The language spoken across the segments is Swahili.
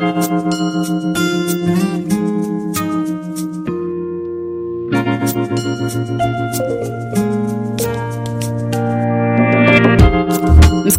thank you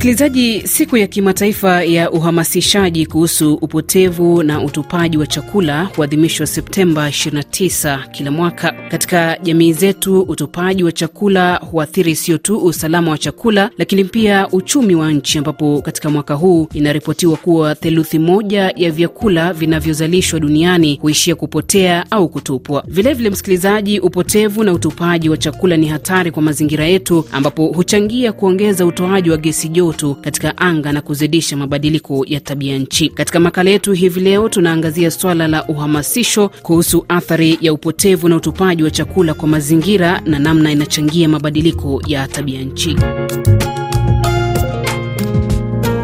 Msikilizaji, siku ya kimataifa ya uhamasishaji kuhusu upotevu na utupaji wa chakula huadhimishwa Septemba 29 kila mwaka. Katika jamii zetu, utupaji wa chakula huathiri sio tu usalama wa chakula, lakini pia uchumi wa nchi, ambapo katika mwaka huu inaripotiwa kuwa theluthi moja ya vyakula vinavyozalishwa duniani huishia kupotea au kutupwa. Vilevile msikilizaji, upotevu na utupaji wa chakula ni hatari kwa mazingira yetu, ambapo huchangia kuongeza utoaji wa gesi joto joto katika anga na kuzidisha mabadiliko ya tabia nchi. Katika makala yetu hivi leo, tunaangazia swala la uhamasisho kuhusu athari ya upotevu na utupaji wa chakula kwa mazingira na namna inachangia mabadiliko ya tabia nchi.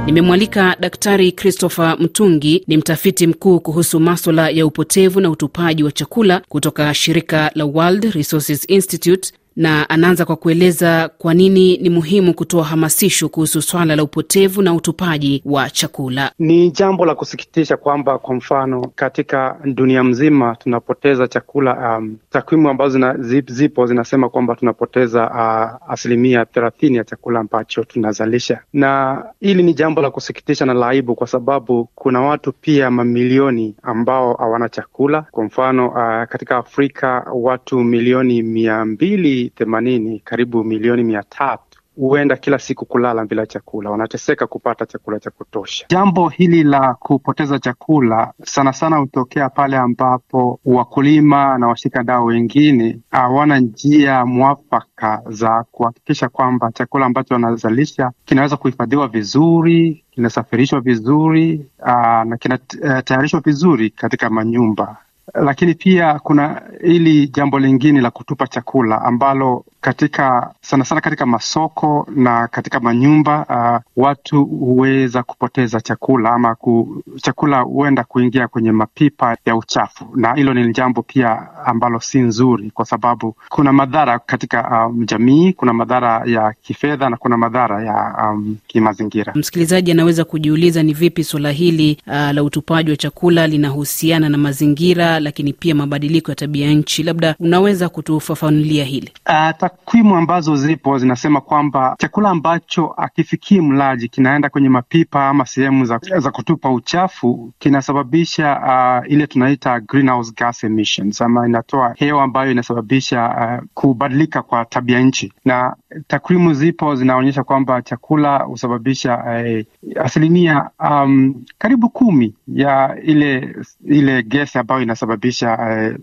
Nimemwalika Daktari Christopher Mtungi, ni mtafiti mkuu kuhusu maswala ya upotevu na utupaji wa chakula kutoka shirika la World Resources Institute na anaanza kwa kueleza kwa nini ni muhimu kutoa hamasisho kuhusu swala la upotevu na utupaji wa chakula. Ni jambo la kusikitisha kwamba kwa mfano katika dunia mzima tunapoteza chakula. Um, takwimu ambazo zina, zip, zipo zinasema kwamba tunapoteza uh, asilimia thelathini ya chakula ambacho tunazalisha, na hili ni jambo la kusikitisha na la aibu, kwa sababu kuna watu pia mamilioni ambao hawana chakula. Kwa mfano uh, katika Afrika watu milioni mia mbili themanini, karibu milioni mia tatu huenda kila siku kulala bila chakula, wanateseka kupata chakula cha kutosha. Jambo hili la kupoteza chakula sana sana hutokea pale ambapo wakulima na washika dao wengine hawana njia mwafaka za kuhakikisha kwamba chakula ambacho wanazalisha kinaweza kuhifadhiwa vizuri, kinasafirishwa vizuri aa, na kinatayarishwa eh, vizuri katika manyumba lakini pia kuna hili jambo lingine la kutupa chakula ambalo katika sana sana katika masoko na katika manyumba uh, watu huweza kupoteza chakula ama ku, chakula huenda kuingia kwenye mapipa ya uchafu, na hilo ni jambo pia ambalo si nzuri, kwa sababu kuna madhara katika um, jamii, kuna madhara ya kifedha na kuna madhara ya um, kimazingira. Msikilizaji anaweza kujiuliza ni vipi suala hili uh, la utupaji wa chakula linahusiana na mazingira lakini pia mabadiliko ya tabia nchi. Labda unaweza kutufafanulia hili? Uh, takwimu ambazo zipo zinasema kwamba chakula ambacho akifikii mlaji kinaenda kwenye mapipa ama sehemu za, za kutupa uchafu kinasababisha uh, ile tunaita greenhouse gas emissions, ama inatoa hewa ambayo inasababisha uh, kubadilika kwa tabia nchi na takwimu zipo zinaonyesha kwamba chakula husababisha eh, asilimia um, karibu kumi ya ile ile gesi ambayo inasababisha eh,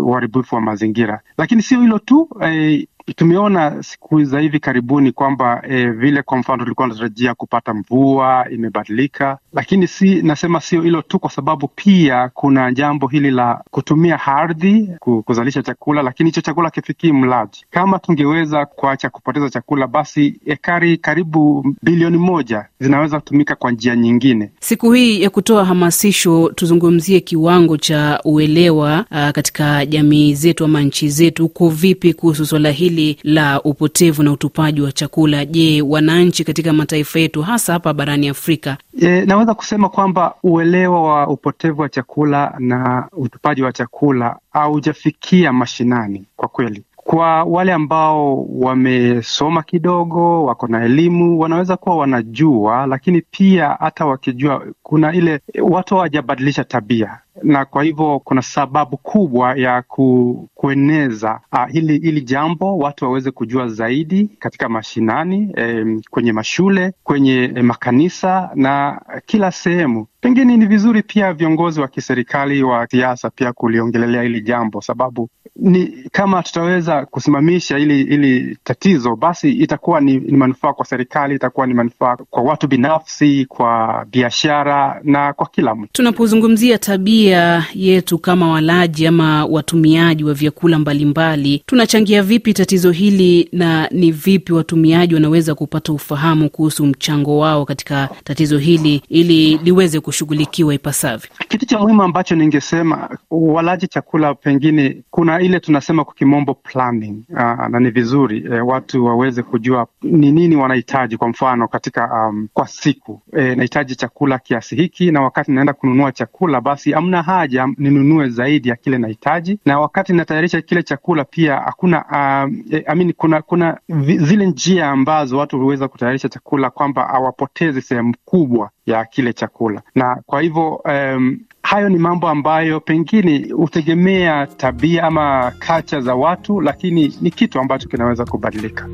uharibifu wa mazingira, lakini sio hilo tu eh, tumeona siku za hivi karibuni kwamba e, vile kwa mfano tulikuwa natarajia kupata mvua imebadilika, lakini si nasema sio hilo tu, kwa sababu pia kuna jambo hili la kutumia ardhi kuzalisha chakula, lakini hicho chakula kifikii mlaji. Kama tungeweza kuacha kupoteza chakula, basi ekari karibu bilioni moja zinaweza kutumika kwa njia nyingine. Siku hii ya kutoa hamasisho, tuzungumzie kiwango cha uelewa a, ah, katika jamii zetu ama nchi zetu, uko vipi kuhusu swala hili? hili la upotevu na utupaji wa chakula. Je, wananchi katika mataifa yetu hasa hapa barani Afrika? E, naweza kusema kwamba uelewa wa upotevu wa chakula na utupaji wa chakula haujafikia mashinani kwa kweli kwa wale ambao wamesoma kidogo, wako na elimu, wanaweza kuwa wanajua, lakini pia hata wakijua, kuna ile watu hawajabadilisha tabia, na kwa hivyo kuna sababu kubwa ya ku, kueneza ah, hili, hili jambo watu waweze kujua zaidi katika mashinani, eh, kwenye mashule, kwenye eh, makanisa na kila sehemu. Pengine ni vizuri pia viongozi wa kiserikali wa siasa pia kuliongelelea hili jambo, sababu ni kama tutaweza kusimamisha ili ili tatizo, basi itakuwa ni, ni manufaa kwa serikali, itakuwa ni manufaa kwa watu binafsi, kwa biashara na kwa kila mtu. Tunapozungumzia tabia yetu kama walaji ama watumiaji wa vyakula mbalimbali, tunachangia vipi tatizo hili na ni vipi watumiaji wanaweza kupata ufahamu kuhusu mchango wao katika tatizo hili ili liweze kushughulikiwa ipasavyo? Kitu cha muhimu ambacho ningesema walaji chakula pengine kuna ile tunasema kwa kimombo planning, uh, na ni vizuri eh, watu waweze kujua ni nini wanahitaji. Kwa mfano katika um, kwa siku eh, nahitaji chakula kiasi hiki, na wakati naenda kununua chakula, basi hamna haja ninunue zaidi ya kile nahitaji, na wakati natayarisha kile chakula pia hakuna uh, eh, I mean, kuna kuna zile njia ambazo watu huweza kutayarisha chakula kwamba hawapotezi sehemu kubwa ya kile chakula, na kwa hivyo um, hayo ni mambo ambayo pengine hutegemea tabia ama kacha za watu, lakini ni kitu ambacho kinaweza kubadilika.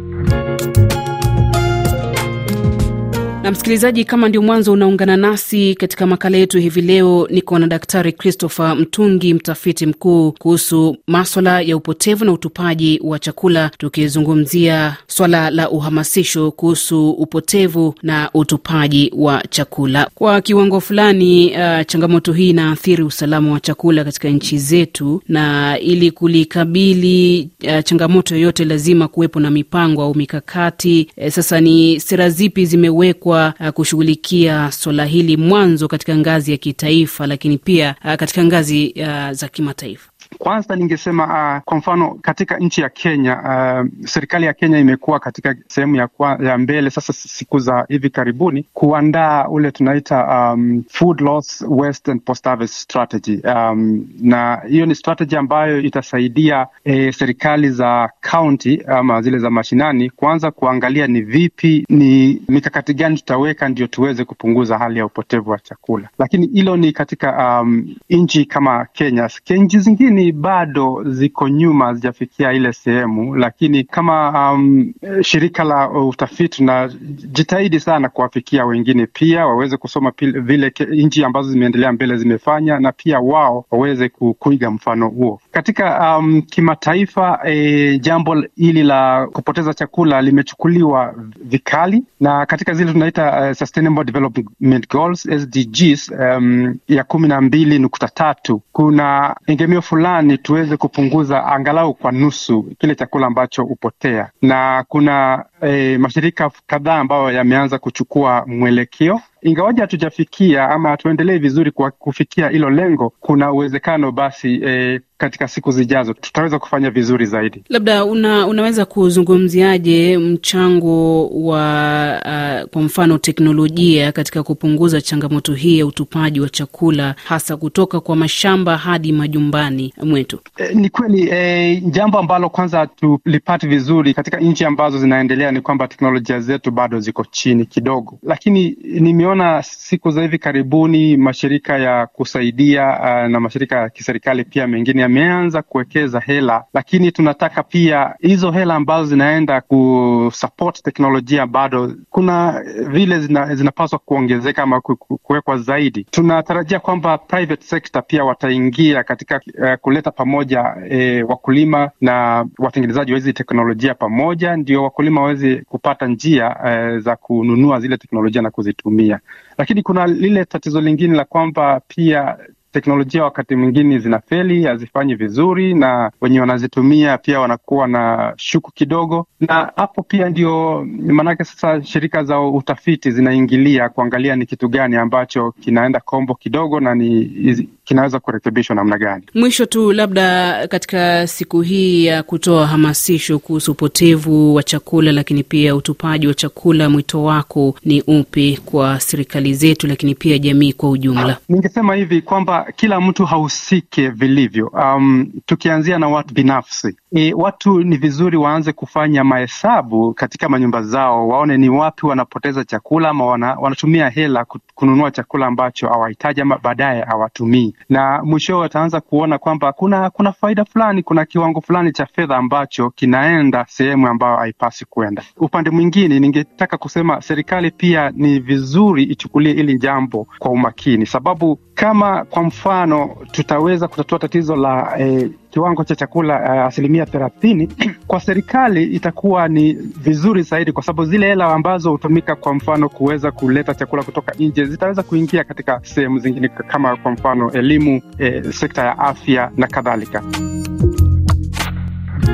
Na msikilizaji, kama ndio mwanzo unaungana nasi katika makala yetu hivi leo, niko na Daktari Christopher Mtungi, mtafiti mkuu kuhusu maswala ya upotevu na utupaji wa chakula, tukizungumzia swala la uhamasisho kuhusu upotevu na utupaji wa chakula. Kwa kiwango fulani, uh, changamoto hii inaathiri usalama wa chakula katika nchi zetu, na ili kulikabili uh, changamoto yoyote lazima kuwepo na mipango au mikakati. Eh, sasa ni sera zipi zimewekwa kuwa uh, kushughulikia swala hili mwanzo katika ngazi ya kitaifa, lakini pia uh, katika ngazi uh, za kimataifa? Kwanza ningesema uh, kwa mfano katika nchi ya Kenya uh, serikali ya Kenya imekuwa katika sehemu ya, ya mbele sasa siku za hivi karibuni kuandaa ule tunaita um, food loss waste and post harvest strategy um, na hiyo ni strategy ambayo itasaidia eh, serikali za kaunti ama zile za mashinani kuanza kuangalia ni vipi, ni mikakati gani tutaweka ndio tuweze kupunguza hali ya upotevu wa chakula, lakini hilo ni katika um, nchi kama Kenya. Nchi zingine lakini bado ziko nyuma, hazijafikia ile sehemu. Lakini kama um, shirika la utafiti tunajitahidi sana kuwafikia wengine pia waweze kusoma pile, vile nchi ambazo zimeendelea mbele zimefanya, na pia wao waweze kuiga mfano huo katika um, kimataifa. E, jambo hili la kupoteza chakula limechukuliwa vikali na katika zile tunaita uh, Sustainable Development Goals SDGs, um, ya kumi na mbili nukta tatu kuna engemeo fulani fulani tuweze kupunguza angalau kwa nusu kile chakula ambacho hupotea, na kuna e, mashirika kadhaa ambayo yameanza kuchukua mwelekeo ingawaji hatujafikia ama hatuendelei vizuri kwa kufikia hilo lengo, kuna uwezekano basi e, katika siku zijazo tutaweza kufanya vizuri zaidi. Labda una, unaweza kuzungumziaje mchango wa uh, kwa mfano teknolojia katika kupunguza changamoto hii ya utupaji wa chakula hasa kutoka kwa mashamba hadi majumbani mwetu? E, ni kweli e, jambo ambalo kwanza tulipati vizuri katika nchi ambazo zinaendelea Tanzania ni kwamba teknolojia zetu bado ziko chini kidogo, lakini nimeona siku za hivi karibuni mashirika ya kusaidia uh, na mashirika ya kiserikali pia mengine yameanza kuwekeza hela, lakini tunataka pia hizo hela ambazo zinaenda kusupport teknolojia bado kuna eh, vile zina, zinapaswa kuongezeka ama kuwekwa zaidi. Tunatarajia kwamba private sector pia wataingia katika uh, kuleta pamoja uh, wakulima na watengenezaji wa hizi teknolojia pamoja, ndio wakulima waweze kupata njia e, za kununua zile teknolojia na kuzitumia. Lakini kuna lile tatizo lingine la kwamba pia teknolojia wakati mwingine zinafeli, hazifanyi vizuri, na wenye wanazitumia pia wanakuwa na shuku kidogo, na hapo pia ndio maanake sasa shirika za utafiti zinaingilia kuangalia ni kitu gani ambacho kinaenda kombo kidogo na ni kinaweza kurekebishwa namna gani. Mwisho tu, labda katika siku hii ya kutoa hamasisho kuhusu upotevu wa chakula, lakini pia utupaji wa chakula, mwito wako ni upi kwa serikali zetu, lakini pia jamii kwa ujumla? Ningesema hivi kwamba kila mtu hahusike vilivyo. Um, tukianzia na watu binafsi e, watu ni vizuri waanze kufanya mahesabu katika manyumba zao, waone ni wapi wanapoteza chakula ama wana, wanatumia hela kununua chakula ambacho hawahitaji ama baadaye hawatumii, na mwishowe wataanza kuona kwamba kuna kuna faida fulani, kuna kiwango fulani cha fedha ambacho kinaenda sehemu ambayo haipasi kwenda. Upande mwingine, ningetaka kusema serikali pia ni vizuri ichukulie hili jambo kwa umakini, sababu kama kwa mfano tutaweza kutatua tatizo la eh, kiwango cha chakula eh, asilimia thelathini kwa serikali itakuwa ni vizuri zaidi, kwa sababu zile hela ambazo hutumika kwa mfano kuweza kuleta chakula kutoka nje zitaweza kuingia katika sehemu zingine kama kwa mfano elimu, eh, sekta ya afya na kadhalika.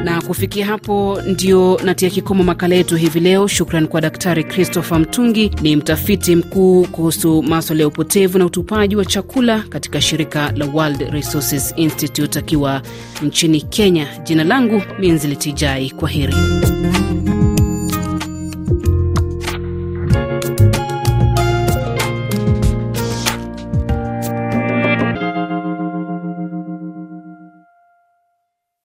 Na kufikia hapo ndio natia kikomo makala yetu hivi leo. Shukran kwa Daktari Christopher Mtungi, ni mtafiti mkuu kuhusu maswala ya upotevu na utupaji wa chakula katika shirika la World Resources Institute akiwa nchini Kenya. Jina langu Minzilitijai, kwa heri.